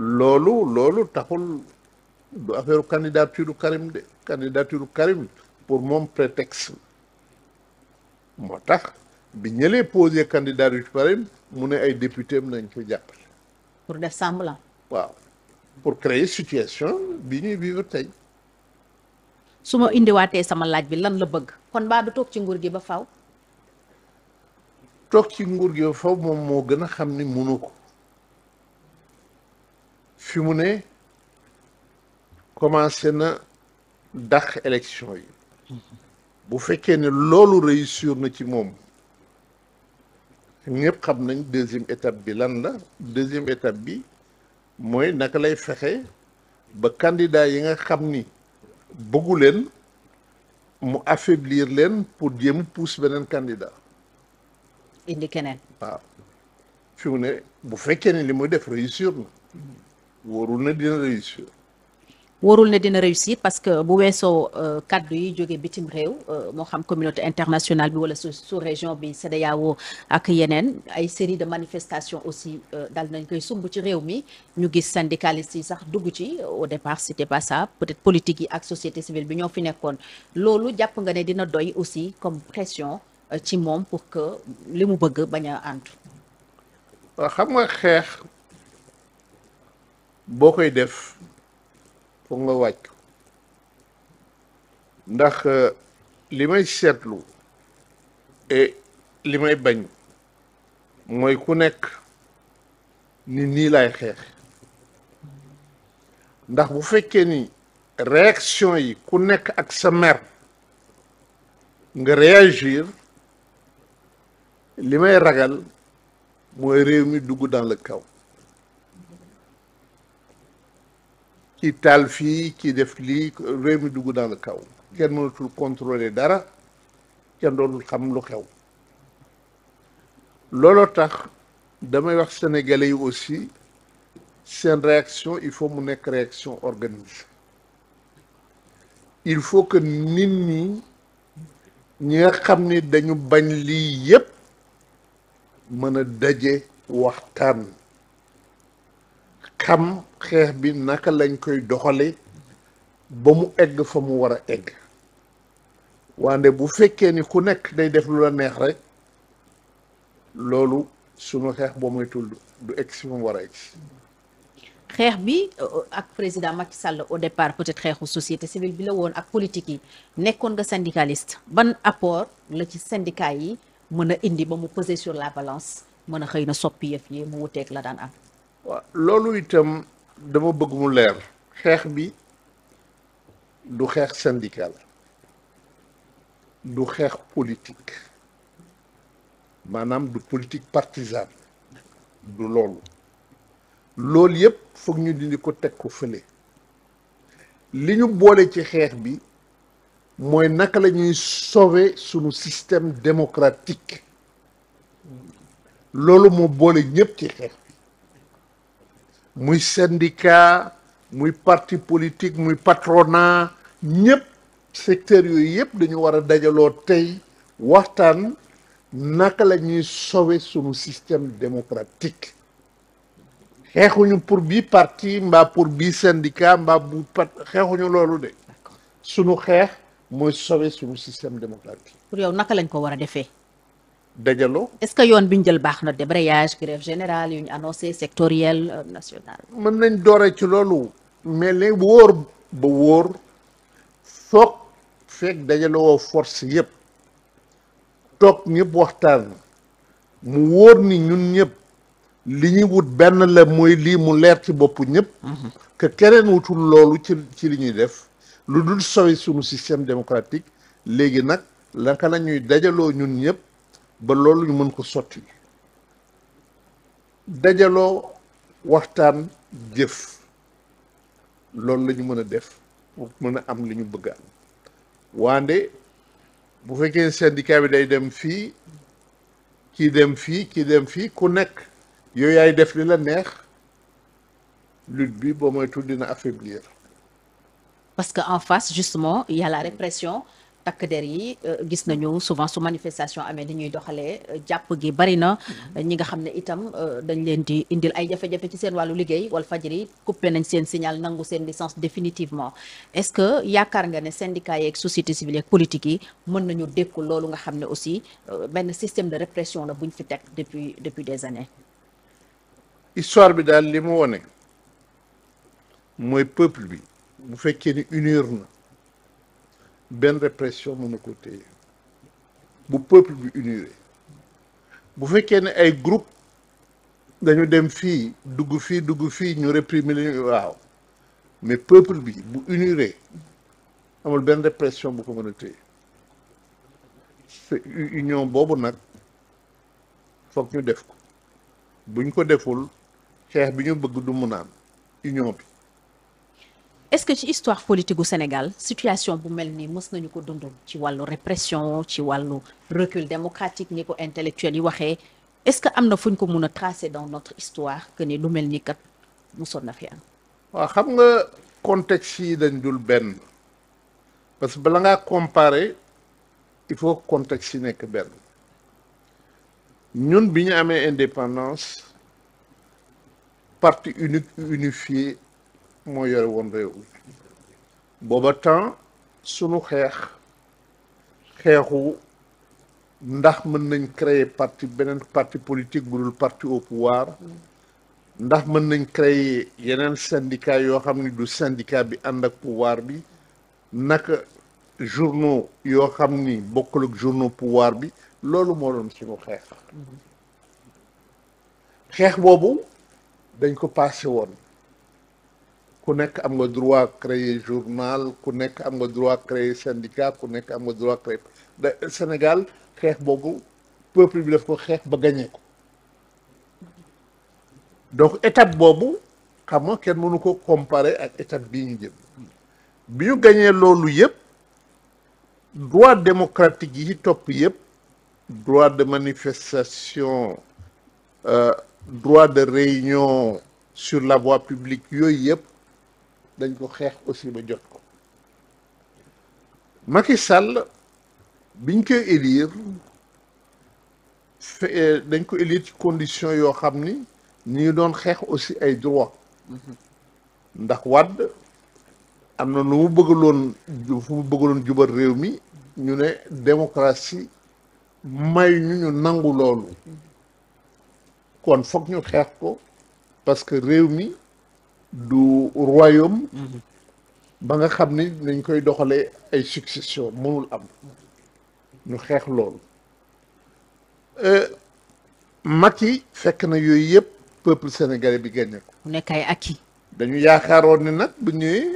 loolu loolu taxul du affaire candidature Karim de candidature Karim pour moom prétexte moo tax bi ñëlee posé candidature Karim mu ne ay député am nañ ko jàppale. pour def semblant. waaw pour créer situation bi ñuy vivre tey. su ma indiwaatee sama laaj bi lan la bëgg. kon baa du toog ci nguur gi ba faw toog ci nguur gi ba faw moom moo gën a xam ni munu ko. fi mu ne commencé na dàq élection yi bu fekkee ne loolu réussir na ci moom ñëpp xam nañ deuxième étape bi lan la deuxième étape bi mooy nag lay fexe ba candidat yi nga xam ni bëggu leen mu affaiblir leen pour jéem pousse beneen candidat indi keneen fi mu ne bu fekkee ne li muy def réussir na mm-hmm. wóorul ne dina réussir. parce que bu weesoo euh, kàddu yi jóge bitim réew euh, moo xam communauté internationale bi wala sous région bi CEDEAO ak yeneen ay série de manifestations aussi euh, dal nañ koy sumb ci réew mi ñu gis syndicalistes yi sax dugg ci au départ c'était pas ça peut-être politique yi ak société civile bi ñoo fi nekkoon loolu jàpp nga ne dina doy aussi comme pression ci moom pour que li mu bëgg bañ a ànd. xam nga xeex. boo koy def foog nga wàcc ndax euh, li may seetlu li may bañ mooy ku nekk ni nii laay xeex ndax bu fekkee ni réaction yi ku nekk ak sa mer nga réagir li may ragal mooy réew mi dugg dans la kaw kii taal fii kii def lii réew mi dugg dans kaw chaos kenn mënatul contrôler dara kenn dootul xam lu xew looloo tax damay wax sénégalais yi aussi seen réaction il faut mu nekk réaction organisée il faut que nit ñi ñi nga xam ni dañu bañ lii yépp mën a daje waxtaan xam xeex bi naka lañ koy doxale ba mu egg fa mu war a egg wande bu fekkee ni ku nekk day def lu la neex rek loolu sunu xeex boo moytul du egg si mu war a egg xeex bi euh, euh, ak président Macky Sall au départ peut-être xeexu société civile bi la woon ak politique yi nekkoon nga syndicaliste ban apport la ci syndicat yi mën a indi ba mu peser sur la balance mën a xëy na sopp yëf yi mu wuteeg la daan am waaw loolu itam dama bëgg mu leer xeex bi du xeex syndical du xeex politik maanaam du politik partisane du loolu loolu yëpp foog ñu dindi ko teg ko fële li ñu boole ci xeex bi mooy naka lañuy soowe sauver sunu système démocratique loolu moo boole ñëpp ci xeex bi muy syndicat muy parti politique muy patronat ñëpp secteur yooyu yëpp dañu war a dajaloo tey waxtaan naka la ñuy sauver sunu système démocratique xeexuñu pour bii parti mbaa pour bii syndicat mbaa bu pat xeexuñu loolu de sunu xeex mooy sauver sunu système démocratique pour yow naka lañ ko war a defee dajaloo. est-ce que yoon bi ñu jël baax na débrayage grève générale yu ñu annoncé sectoriel euh, national. mën nañ doore ci loolu. mais li wóor ba wóor soog fekk dajaloo force yëpp toog ñëpp waxtaan mu wóor ni ñun ñëpp li ñuy wut benn la mooy lii mu leer ci boppu ñëpp. Mhm. que keneen wutul loolu ci ci li ñuy def lu dul sowe suñu système démocratique léegi nag naka la ñuy dajaloo ñun ñëpp. ba loolu ñu mën ko sotti dajaloo waxtaan jëf loolu lañu mën a def pour mën a am li ñu bëgg a am waande bu fekkee syndicat bi day dem fii kii dem fii kii dem fii ku nekk yow yaay def li la neex lut bi boo moytu na affaiblir parce que en face justement il la répression takk der yi euh, gis nañu souvent su manifestation amee ni ñuy doxalee euh, jàpp gi bari na mm-hmm. ñi nga xam ne itam euh, dañ leen di indil ay jafe-jafe ci seen wàllu liggéey wal fajri coupé nañ seen signal nangu seen licence définitivement est-ce que yaakaar nga ne syndicat yeeg société civile yeeg politique yi mën nañu dékku loolu nga xam ne aussi benn système de répression la ñu fi teg depuis depuis des années histoire bi daal li mu wone mooy peuple bi bu fekkee ni benn répression mën na ko bu peuple bi uniré bu fekkee ne ay groupe dañu dem fii dugg fii dugg fii ñu réprimer li ñu waaw mais peuple bi bu uniré amul benn répression bu ko mën a téye union boobu nag foog ñu def ko buñ ko deful xeex bi ñu bëgg du mu naan union bi est-ce que ci histoire politique gu Sénégal situation bu mel nii mës nañu ko dund ci wàllu répression ci wàllu recul démocratique ni ko intellectuel yi waxee est-ce que am na fu ñu ko mun a tracer dans notre histoire que ni lu mel ni kat mosoon na fi am. waaw xam nga contexte yi dañ dul benn parce que bala ngaa comparer il faut contexte yi nekk benn ñun bi ñu amee indépendance parti unique unifié. moo yore woon réew booba temps sunu xeex xeexu ndax mën nañ créer parti beneen parti politique bu dul parti au pouvoir ndax mën nañ créer yeneen syndicat yoo xam ni du syndicat bi ànd ak pouvoir bi naka journaux yoo xam ni bokkul ak journaux pouvoir bi loolu moo doon suñu xeex mm-hmm. xeex boobu dañ ko passé woon ku nekk am nga droit créer journal ku nekk am nga droit créer syndicat ku nekk am nga droit créer Sénégal xeex boobu peuple bi daf ko xeex ba gañee ko donc étape boobu xam nga kenn mënu ko comparer ak étape bi ñu jëm bi ñu gañee loolu yëpp droit démocratique yi topp yëpp droit de manifestation euh, droit de réunion sur la voie publique yooyu yëpp dañ ko xeex aussi ba jot ko Macky Sall biñ koy élire euh, dañ ko élire ci condition yoo xam ni ñi doon xeex aussi ay droit mm-hmm. ndax Wade am na lu mu bëggaloon fu mu bëggaloon jubal réew mi ñu ne démocratie may ñu ñu nangu loolu mm-hmm. kon foog ñu xeex ko parce que réew mi du royaume. Mhm. ba nga xam ni dañ koy doxalee ay succession mënul am ñu xeex loolu. Euh, Macky fekk na yooyu yëpp peuple sénégalais bi gagné mu nekk ay acquis. dañu yaakaaroon ne nag bu ñëwee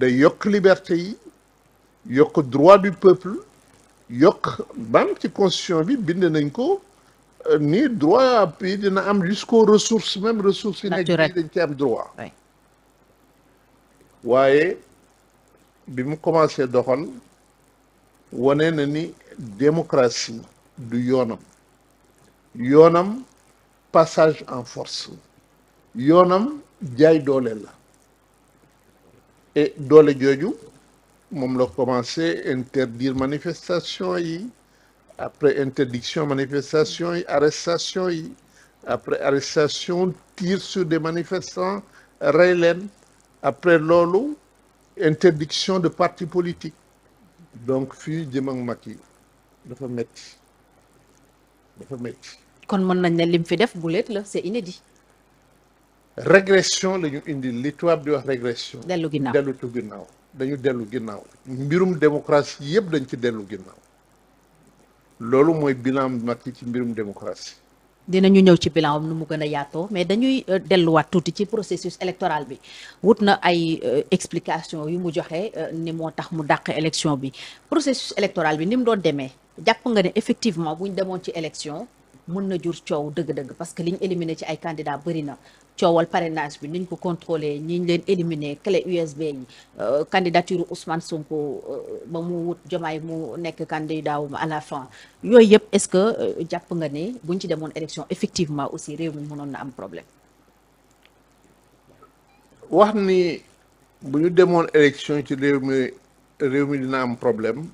day yokk liberté yi yokk droit du peuple yokk ban ci constitution bi bind nañ ko. Euh, nii droit dina am jusqu'aux ressources même ressources yi nekk ci am droit waaye bi mu commencé doxal wane na ni démocratie du yoonam yoonam passage en force yoonam jaay doole la doole jooju moom la commencé interdire manifestation yi après interdiction manifestation yi arrestation yi après arrestation tir sur des manifestants rey leen après loolu interdiction de parti politique donc fii jëm ak mag yi dafa metti dafa metti kon mën nañ ne lim fi def guléet la c'est inédit régression la ñu indi li tubaab di wax régression dellu ginnaaw dellu ginnaaw dañu dellu ginnaaw mbirum démocratie yëpp dañ ci dellu ginnaaw loolu mooy bilan Macky ci mbirum démocratie. dinañu ñëw ci bilan am mu gën a yaatoo mais dañuy euh, delluwaat tuuti ci processus électoral bi wut na ay euh, explication yu mu joxe euh, ni moo tax mu dàq élection bi processus électoral bi ni mu doon demee jàpp nga ne effectivement bu ñu demoon ci élection. mën na jur coow dëgg-dëgg parce que liñ éliminé ci ay candidats bëri na coowal parrainage bi niñ ko contrôlé ñiñ leen éliminé clé USB yi euh, candidature Ousmane Sonko euh, ba mu wut Diomaye mu nekk candidat à la fin yooyu yëpp est-ce que euh, jàpp nga ne buñ ci demoon élection effectivement aussi réew mi mënoon na am problème. wax ni bu ñu demoon élection ci réew mi réew mi dina am problème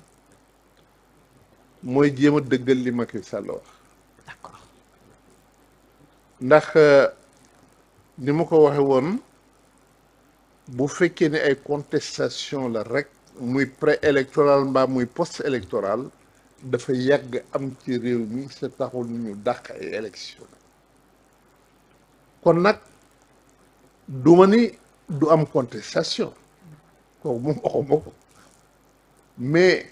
mooy jéem a dëggal li Macky Sall wax. ndax euh, ni ma ko waxee woon bu fekkee ne ay contestation la rek muy pré-électoral mbaa muy post-électoral dafa yàgg am ci réew mi sa taxul ñu dàq ay élection kon nag du ma ni du am contestation kooku moom waxuma ko mais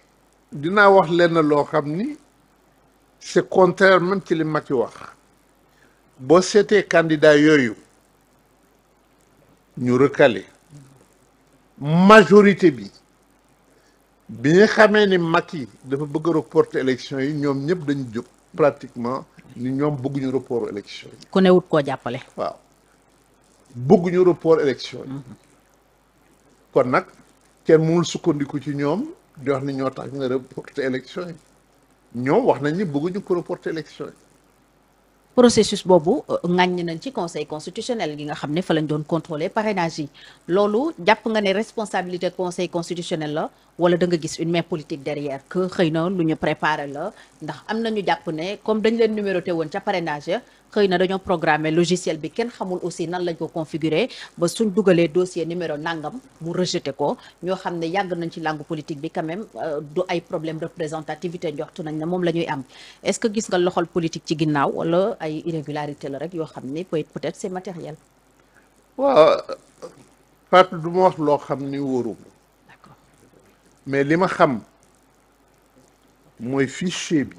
dinaa wax lenn loo xam ni c'est contraire ci li Macky wax boo seetee candidat yooyu ñu recalé majorité bi bi nga xamee ni yi dafa bëgg a reporter yi ñoom ñëpp dañu jóg pratiquement ni ñoom bëgguñu report élection yi. ku ne jàppale. waaw bëgguñu report élection mm-hmm. kon nag kenn mënul sukkandiku ci ñoom di wax ni ñoo tax ñu ne reporter yi ñoom wax nañ ni bëgguñu ko reporter élection yi. processus boobu euh, ŋàññ nañ ci conseil constitutionnel gi nga xam ne fa lañ doon contrôler parrainage yi loolu jàpp nga ne responsabilité conseil constitutionnel la wala da nga gis une main politique derrière que xëy na lu ñu préparé la ndax am na ñu jàpp ne comme dañ leen numéroté woon ca parrainage xëy na dañoo programmer logiciel bi kenn xamul aussi nan lañ ko configurer ba suñ dugalee dossier numéro nangam mu rejeté ko ñoo xam ne yàgg nañ ci langue politique bi quand même euh, du ay problème de représentativité njoxtu nañ ne moom la ñuy am est-ce que gis nga loxol politique ci ginnaaw wala ay irrégularité la rek yoo xam ne peut-être c'est matériel. waaw Fatou du ma wax loo xam ni wóoru d'accord mais li ma xam mooy fichier bi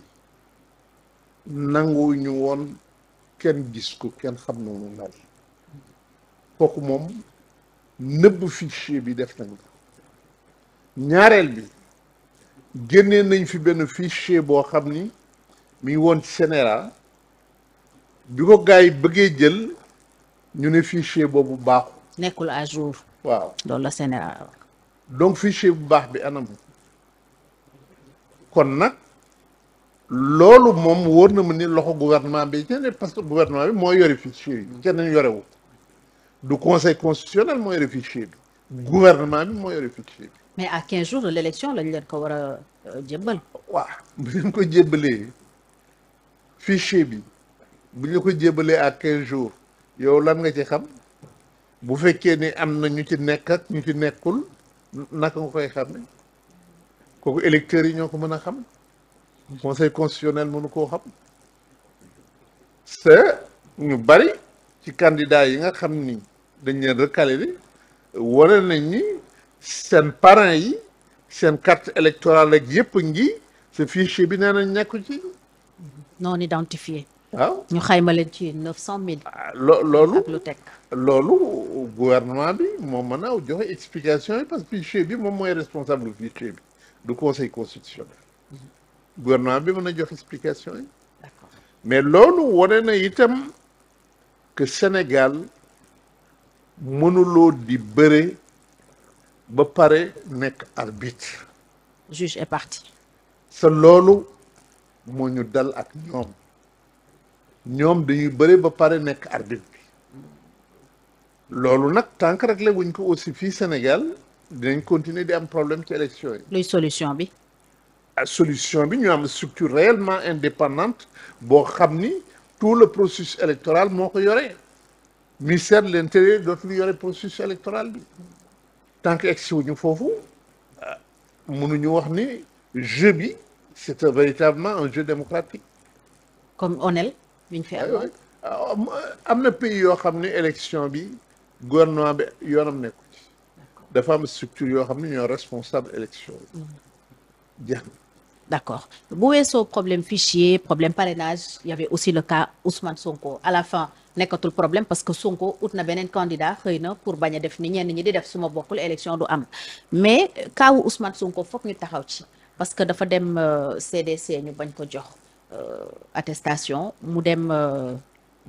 nanguwuñu woon. kenn gis ko kenn xam na mu mel kooku moom nëbb fichier bi def nañ ko ñaareel bi génnee nañ fi benn fichier boo xam ni mi woon sénéra bi ko gars bëggee jël ñu ne fichier boobu baaxu nekkul à jour. waaw loolu la CNRA donc fichier bu baax bi anam kon nag. loolu moom wóor na ma ni loxo gouvernement bi kenn parce que gouvernement bi moo yore fichier yi kenn yorewu du conseil constitutionnel moo yore fichier bi gouvernement bi moo yore fichier bi. mais à 15 jours de l' élection lañ leen ko war a euh, jébbal. waaw bu leen ko jébbalee fichier bi bu ñu ko jébbalee à 15 jours yow lan nga ci xam bu fekkee ni am na ñu ci nekk ak ñu ci nekkul naka nga koy xam ne kooku électeurs yi ñoo ko mën a xam. conseil constitutionnel mënu koo xam c'est ñu bari ci candidat yi nga xam ni dañ leen recalé bi wane nañ ni seen parent yi seen carte électorale ak yëpp ngi ce fichier bi nee nañ nekku ci non identifié waaw ñu xayma leen ci neuf cent mille ah, lo loolu ak lu teg loolu gouvernement bi moo mën a joxe explication yi parce que fichier bi moom mooy responsable fichier bi du conseil constitutionnel gouvernement bi mën a jox explication yi mais loolu wane na itam que Sénégal mënuloo di bëre ba pare nekk arbitre juge est parti sa loolu moo ñu dal ak ñoom ñoom dañuy bëre ba pare nekk arbitre loolu nag tant que le wuñ ko aussi fii Sénégal dinañ continuer di am problème ci élection yi solution bi solution bi ñu am structure réellement indépendante boo xam ni tout le processus électoral moo ko yore ministère de l'intérieur dootul yore processus électoral bi tant que egsi wuñu foofu euh, mënuñu wax ni jeu bi c'est véritablement un jeu démocratique. comme onel ñu fi ah am. Ah, am na pays yoo xam ne élection bi gouvernement bi yoonam nekku ci. dafa am structure yoo xam ne ñoo responsable élection bi. Mm. jeex na d'accord bu weesoo problème fichier problème parrainage y avait aussi le cas Ousmane Sonko à la fin nekkatul problème parce que Sonko ut na beneen candidat xëy na pour baña def ni ñenn ñi di def suma bokkul élection du am mais cas wu Ousmane Sonko foog ñu taxaw ci parce que dafa dem CDC euh, ñu bañ ko jox euh, attestation mu dem. Euh,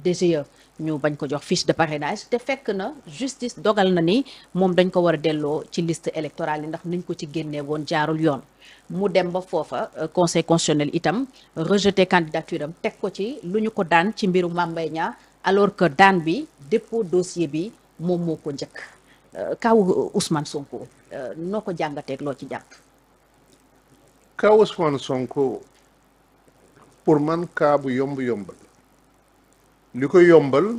DGE ñu bañ ko jox fiche de parrainage te fekk na justice dogal na ni moom dañ ko war a delloo ci liste électorale yi ndax niñ ko ci génnee woon jaarul yoon mu dem ba foofa euh, conseil constitutionnel itam rejeté candidature am teg ko ci lu ñu ko daan ci mbiru Mame Mbaye alors que daan bi dépo dossier bi moom moo ko njëkk euh, kaw usman Sonko euh, noo ko jàngateeg loo ci jàpp. kaw Ousmane Sonko pour man kaa bu yomb yomb. li ko yombal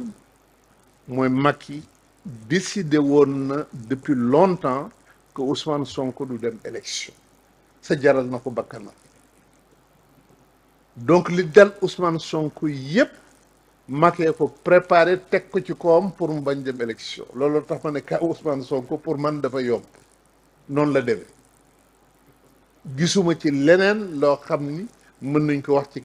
mooy mag Macky décidé woon na depuis longtemps que Ousmane sonk du dem élection sa jaral na ko bakkana donc li dal Ousmane Sonko yépp Macky ko préparé teg ko ci koom pour mu bañ dem élection loolu tax ma ne ka Ousmane Sonko pour man dafa yomb noonu la demee gisuma ci leneen loo xam ni mën nañ ko wax ci